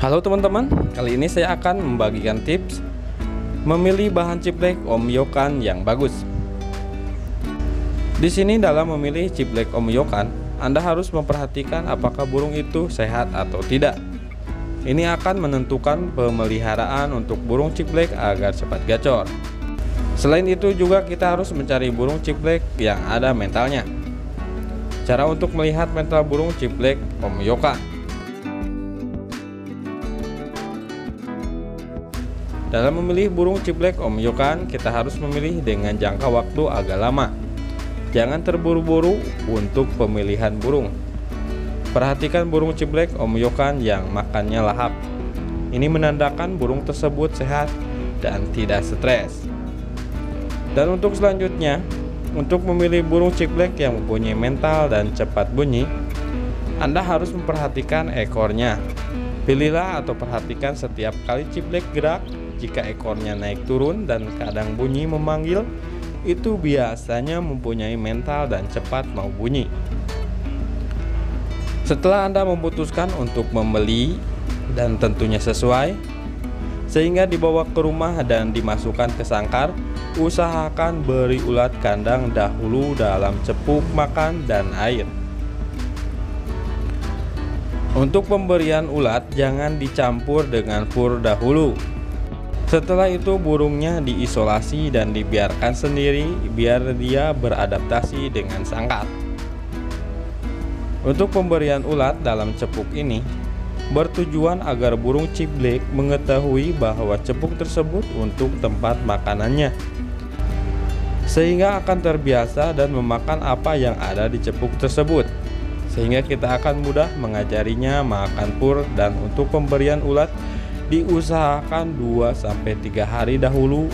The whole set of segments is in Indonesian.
Halo teman-teman, kali ini saya akan membagikan tips memilih bahan ciblek omyokan yang bagus. Di sini dalam memilih ciblek omyokan, Anda harus memperhatikan apakah burung itu sehat atau tidak. Ini akan menentukan pemeliharaan untuk burung ciblek agar cepat gacor. Selain itu juga kita harus mencari burung ciblek yang ada mentalnya. Cara untuk melihat mental burung ciblek omyokan Dalam memilih burung ciblek Yokan, kita harus memilih dengan jangka waktu agak lama. Jangan terburu-buru untuk pemilihan burung. Perhatikan burung ciblek Yokan yang makannya lahap. Ini menandakan burung tersebut sehat dan tidak stres. Dan untuk selanjutnya, untuk memilih burung ciblek yang mempunyai mental dan cepat bunyi, Anda harus memperhatikan ekornya. Pilihlah atau perhatikan setiap kali ciblek gerak, jika ekornya naik turun dan kadang bunyi memanggil, itu biasanya mempunyai mental dan cepat mau bunyi. Setelah Anda memutuskan untuk membeli dan tentunya sesuai, sehingga dibawa ke rumah dan dimasukkan ke sangkar, usahakan beri ulat kandang dahulu dalam cepuk makan dan air. Untuk pemberian ulat jangan dicampur dengan fur dahulu. Setelah itu burungnya diisolasi dan dibiarkan sendiri biar dia beradaptasi dengan sangkat. Untuk pemberian ulat dalam cepuk ini bertujuan agar burung ciblek mengetahui bahwa cepuk tersebut untuk tempat makanannya sehingga akan terbiasa dan memakan apa yang ada di cepuk tersebut sehingga kita akan mudah mengajarinya makan pur dan untuk pemberian ulat diusahakan 2-3 hari dahulu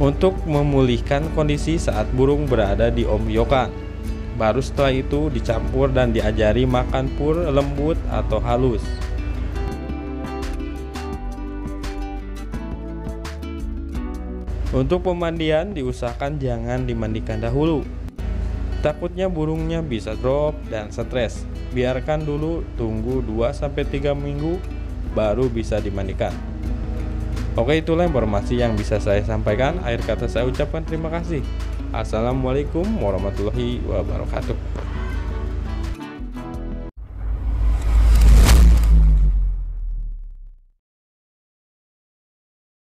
untuk memulihkan kondisi saat burung berada di omyokan. Baru setelah itu dicampur dan diajari makan pur lembut atau halus. Untuk pemandian diusahakan jangan dimandikan dahulu Takutnya burungnya bisa drop dan stres. Biarkan dulu tunggu 2-3 minggu baru bisa dimandikan. Oke itulah informasi yang bisa saya sampaikan. Akhir kata saya ucapkan terima kasih. Assalamualaikum warahmatullahi wabarakatuh.